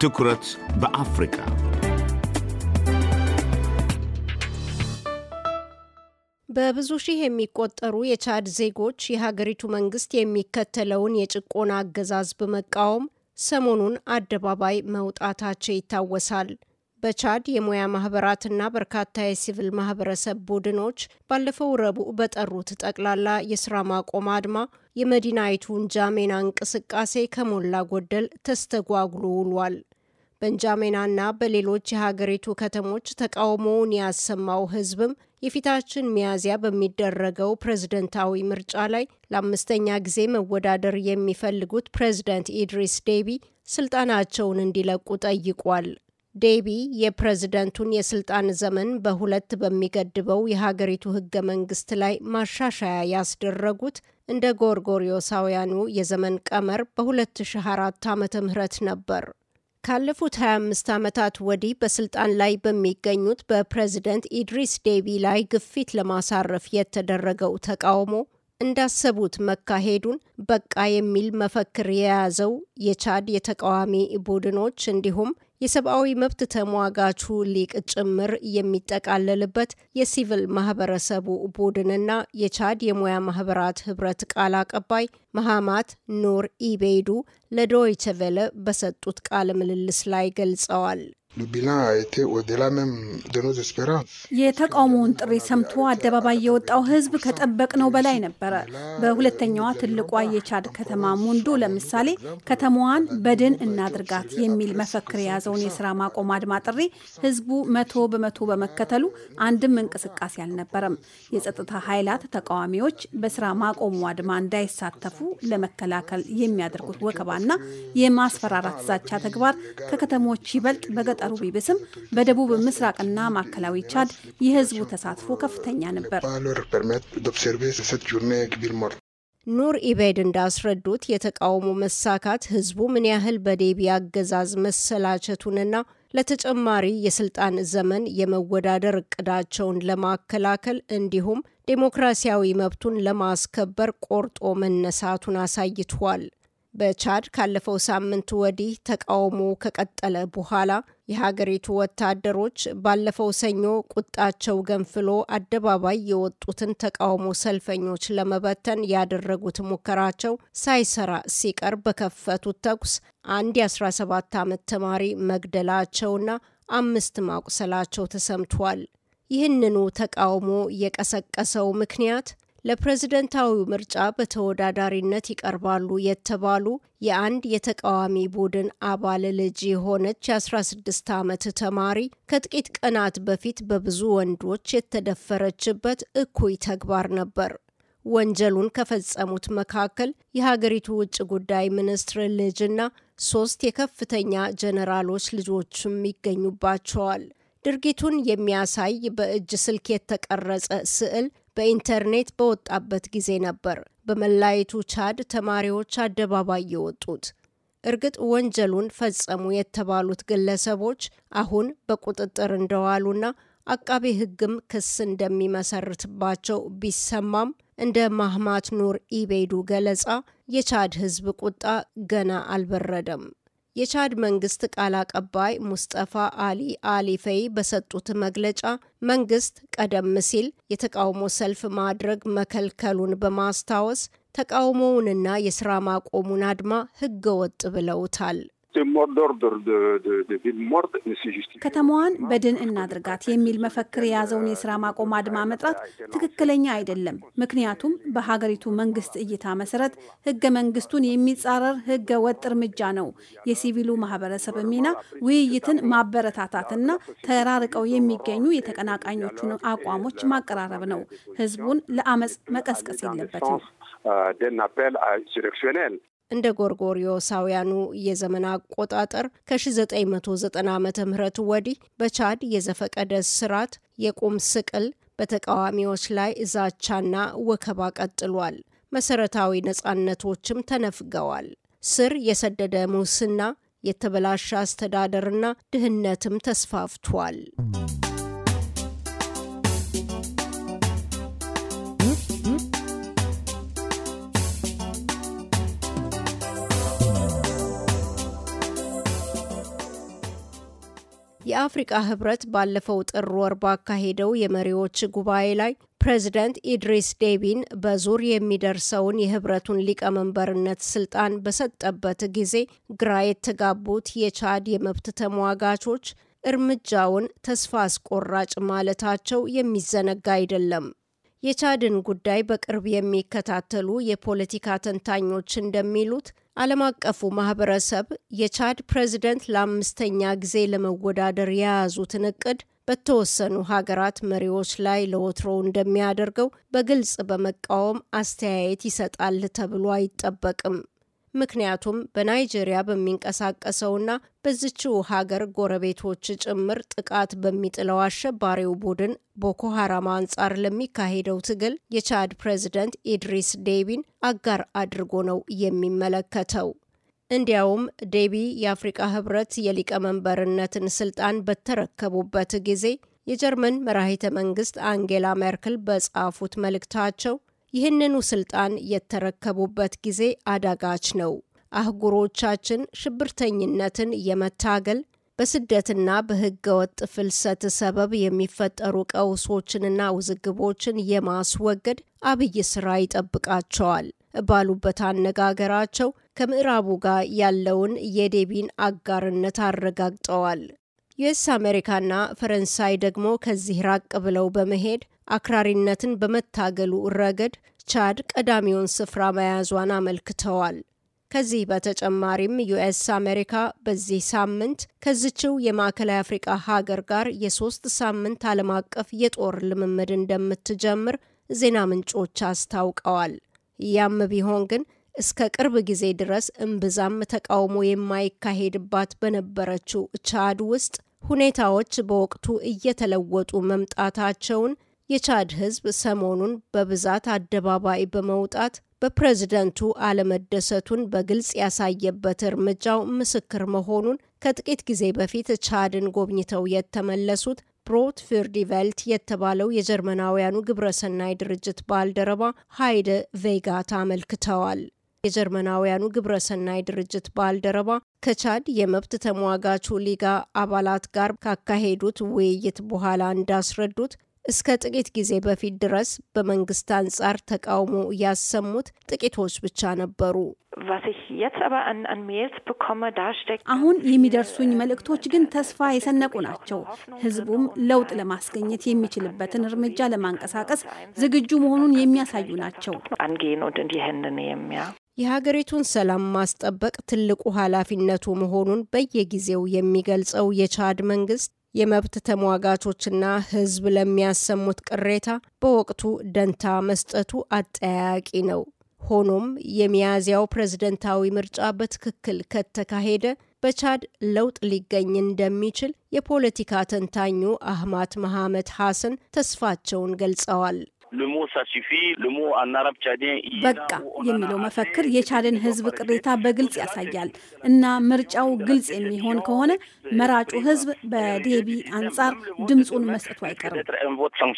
ትኩረት በአፍሪካ በብዙ ሺህ የሚቆጠሩ የቻድ ዜጎች የሀገሪቱ መንግስት የሚከተለውን የጭቆና አገዛዝ በመቃወም ሰሞኑን አደባባይ መውጣታቸው ይታወሳል። በቻድ የሙያ ማህበራትና በርካታ የሲቪል ማህበረሰብ ቡድኖች ባለፈው ረቡዕ በጠሩት ጠቅላላ የስራ ማቆም አድማ የመዲናይቱ እንጃሜና እንቅስቃሴ ከሞላ ጎደል ተስተጓጉሎ ውሏል። በእንጃሜናና በሌሎች የሀገሪቱ ከተሞች ተቃውሞውን ያሰማው ህዝብም የፊታችን ሚያዝያ በሚደረገው ፕሬዝደንታዊ ምርጫ ላይ ለአምስተኛ ጊዜ መወዳደር የሚፈልጉት ፕሬዝደንት ኢድሪስ ዴቢ ስልጣናቸውን እንዲለቁ ጠይቋል። ዴቢ የፕሬዝደንቱን የስልጣን ዘመን በሁለት በሚገድበው የሀገሪቱ ህገ መንግስት ላይ ማሻሻያ ያስደረጉት እንደ ጎርጎሪዮሳውያኑ የዘመን ቀመር በ2004 ዓ ም ነበር። ካለፉት 25 ዓመታት ወዲህ በስልጣን ላይ በሚገኙት በፕሬዝደንት ኢድሪስ ዴቢ ላይ ግፊት ለማሳረፍ የተደረገው ተቃውሞ እንዳሰቡት መካሄዱን በቃ የሚል መፈክር የያዘው የቻድ የተቃዋሚ ቡድኖች እንዲሁም የሰብአዊ መብት ተሟጋቹ ሊቅ ጭምር የሚጠቃለልበት የሲቪል ማህበረሰቡ ቡድንና የቻድ የሙያ ማህበራት ህብረት ቃል አቀባይ መሐማት ኑር ኢቤይዱ ለዶይቸ ቬለ በሰጡት ቃለ ምልልስ ላይ ገልጸዋል። የተቃውሞውን ጥሪ ሰምቶ አደባባይ የወጣው ህዝብ ከጠበቅነው በላይ ነበረ። በሁለተኛዋ ትልቋ የቻድ ከተማ ሞንዶ ለምሳሌ ከተማዋን በድን እናድርጋት የሚል መፈክር የያዘውን የስራ ማቆም አድማ ጥሪ ሕዝቡ መቶ በመቶ በመከተሉ አንድም እንቅስቃሴ አልነበረም። የጸጥታ ኃይላት ተቃዋሚዎች በስራ ማቆሙ አድማ እንዳይሳተፉ ለመከላከል የሚያደርጉት ወከባና የማስፈራራት ዛቻ ተግባር ከከተሞች ይበልጥ በገ መፈጠሩ ቢብስም በደቡብ ምስራቅና ማዕከላዊ ቻድ የህዝቡ ተሳትፎ ከፍተኛ ነበር። ኑር ኢቤድ እንዳስረዱት የተቃውሞ መሳካት ህዝቡ ምን ያህል በዴቢ አገዛዝ መሰላቸቱንና ለተጨማሪ የስልጣን ዘመን የመወዳደር እቅዳቸውን ለማከላከል እንዲሁም ዴሞክራሲያዊ መብቱን ለማስከበር ቆርጦ መነሳቱን አሳይቷል። በቻድ ካለፈው ሳምንት ወዲህ ተቃውሞ ከቀጠለ በኋላ የሀገሪቱ ወታደሮች ባለፈው ሰኞ ቁጣቸው ገንፍሎ አደባባይ የወጡትን ተቃውሞ ሰልፈኞች ለመበተን ያደረጉት ሙከራቸው ሳይሰራ ሲቀር በከፈቱት ተኩስ አንድ የ17 ዓመት ተማሪ መግደላቸውና አምስት ማቁሰላቸው ተሰምቷል። ይህንኑ ተቃውሞ የቀሰቀሰው ምክንያት ለፕሬዝደንታዊ ምርጫ በተወዳዳሪነት ይቀርባሉ የተባሉ የአንድ የተቃዋሚ ቡድን አባል ልጅ የሆነች የ16 ዓመት ተማሪ ከጥቂት ቀናት በፊት በብዙ ወንዶች የተደፈረችበት እኩይ ተግባር ነበር። ወንጀሉን ከፈጸሙት መካከል የሀገሪቱ ውጭ ጉዳይ ሚኒስትር ልጅና ሶስት የከፍተኛ ጀነራሎች ልጆችም ይገኙባቸዋል። ድርጊቱን የሚያሳይ በእጅ ስልክ የተቀረጸ ስዕል በኢንተርኔት በወጣበት ጊዜ ነበር በመላይቱ ቻድ ተማሪዎች አደባባይ የወጡት። እርግጥ ወንጀሉን ፈጸሙ የተባሉት ግለሰቦች አሁን በቁጥጥር እንደዋሉና አቃቤ ሕግም ክስ እንደሚመሰርትባቸው ቢሰማም እንደ ማህማት ኑር ኢቤዱ ገለጻ የቻድ ሕዝብ ቁጣ ገና አልበረደም። የቻድ መንግስት ቃል አቀባይ ሙስጠፋ አሊ አሊፌይ በሰጡት መግለጫ መንግስት ቀደም ሲል የተቃውሞ ሰልፍ ማድረግ መከልከሉን በማስታወስ ተቃውሞውንና የስራ ማቆሙን አድማ ህገወጥ ብለውታል። ከተማዋን በድን እናድርጋት የሚል መፈክር የያዘውን የስራ ማቆም አድማ መጥራት ትክክለኛ አይደለም። ምክንያቱም በሀገሪቱ መንግስት እይታ መሰረት ህገ መንግስቱን የሚጻረር ህገ ወጥ እርምጃ ነው። የሲቪሉ ማህበረሰብ ሚና ውይይትን ማበረታታትና ተራርቀው የሚገኙ የተቀናቃኞቹን አቋሞች ማቀራረብ ነው። ህዝቡን ለአመፅ መቀስቀስ የለበትም። euh, እንደ ጎርጎሪዮሳውያኑ የዘመን አቆጣጠር ከ1990 ዓ ም ወዲህ በቻድ የዘፈቀደ ስርዓት የቁም ስቅል በተቃዋሚዎች ላይ ዛቻና ወከባ ቀጥሏል። መሰረታዊ ነጻነቶችም ተነፍገዋል። ስር የሰደደ ሙስና፣ የተበላሸ አስተዳደርና ድህነትም ተስፋፍቷል። የአፍሪቃ ህብረት ባለፈው ጥር ወር ባካሄደው የመሪዎች ጉባኤ ላይ ፕሬዚደንት ኢድሪስ ዴቢን በዙር የሚደርሰውን የህብረቱን ሊቀመንበርነት ስልጣን በሰጠበት ጊዜ ግራ የተጋቡት የቻድ የመብት ተሟጋቾች እርምጃውን ተስፋ አስቆራጭ ማለታቸው የሚዘነጋ አይደለም። የቻድን ጉዳይ በቅርብ የሚከታተሉ የፖለቲካ ተንታኞች እንደሚሉት ዓለም አቀፉ ማህበረሰብ የቻድ ፕሬዝደንት ለአምስተኛ ጊዜ ለመወዳደር የያዙትን እቅድ በተወሰኑ ሀገራት መሪዎች ላይ ለወትሮ እንደሚያደርገው በግልጽ በመቃወም አስተያየት ይሰጣል ተብሎ አይጠበቅም። ምክንያቱም በናይጄሪያ በሚንቀሳቀሰውና በዝችው ሀገር ጎረቤቶች ጭምር ጥቃት በሚጥለው አሸባሪው ቡድን ቦኮ ሀራም አንጻር ለሚካሄደው ትግል የቻድ ፕሬዝደንት ኢድሪስ ዴቢን አጋር አድርጎ ነው የሚመለከተው። እንዲያውም ዴቢ የአፍሪቃ ህብረት የሊቀመንበርነትን ስልጣን በተረከቡበት ጊዜ የጀርመን መራሂተ መንግስት አንጌላ ሜርክል በጻፉት መልእክታቸው ይህንኑ ስልጣን የተረከቡበት ጊዜ አዳጋች ነው። አህጉሮቻችን ሽብርተኝነትን የመታገል በስደትና በህገወጥ ፍልሰት ሰበብ የሚፈጠሩ ቀውሶችንና ውዝግቦችን የማስወገድ አብይ ስራ ይጠብቃቸዋል ባሉበት አነጋገራቸው ከምዕራቡ ጋር ያለውን የዴቢን አጋርነት አረጋግጠዋል። ዩኤስ አሜሪካና ፈረንሳይ ደግሞ ከዚህ ራቅ ብለው በመሄድ አክራሪነትን በመታገሉ ረገድ ቻድ ቀዳሚውን ስፍራ መያዟን አመልክተዋል። ከዚህ በተጨማሪም ዩኤስ አሜሪካ በዚህ ሳምንት ከዚችው የማዕከላዊ አፍሪቃ ሀገር ጋር የሶስት ሳምንት ዓለም አቀፍ የጦር ልምምድ እንደምትጀምር ዜና ምንጮች አስታውቀዋል። ያም ቢሆን ግን እስከ ቅርብ ጊዜ ድረስ እምብዛም ተቃውሞ የማይካሄድባት በነበረችው ቻድ ውስጥ ሁኔታዎች በወቅቱ እየተለወጡ መምጣታቸውን የቻድ ህዝብ ሰሞኑን በብዛት አደባባይ በመውጣት በፕሬዝደንቱ አለመደሰቱን በግልጽ ያሳየበት እርምጃው ምስክር መሆኑን ከጥቂት ጊዜ በፊት ቻድን ጎብኝተው የተመለሱት ብሮት ፊርዲቨልት የተባለው የጀርመናውያኑ ግብረሰናይ ድርጅት ባልደረባ ሃይደ ቬጋት አመልክተዋል። የጀርመናውያኑ ግብረሰናይ ድርጅት ባልደረባ ከቻድ የመብት ተሟጋቹ ሊጋ አባላት ጋር ካካሄዱት ውይይት በኋላ እንዳስረዱት እስከ ጥቂት ጊዜ በፊት ድረስ በመንግስት አንጻር ተቃውሞ ያሰሙት ጥቂቶች ብቻ ነበሩ። አሁን የሚደርሱኝ መልእክቶች ግን ተስፋ የሰነቁ ናቸው። ህዝቡም ለውጥ ለማስገኘት የሚችልበትን እርምጃ ለማንቀሳቀስ ዝግጁ መሆኑን የሚያሳዩ ናቸው። የሀገሪቱን ሰላም ማስጠበቅ ትልቁ ኃላፊነቱ መሆኑን በየጊዜው የሚገልጸው የቻድ መንግስት የመብት ተሟጋቾችና ሕዝብ ለሚያሰሙት ቅሬታ በወቅቱ ደንታ መስጠቱ አጠያያቂ ነው። ሆኖም የሚያዝያው ፕሬዝደንታዊ ምርጫ በትክክል ከተካሄደ በቻድ ለውጥ ሊገኝ እንደሚችል የፖለቲካ ተንታኙ አህማት መሐመድ ሐሰን ተስፋቸውን ገልጸዋል። በቃ oh, የሚለው መፈክር የቻድን ህዝብ ቅሬታ በግልጽ ያሳያል እና ምርጫው ግልጽ የሚሆን ከሆነ መራጩ ህዝብ በዴቢ አንጻር ድምፁን መስጠቱ አይቀርም።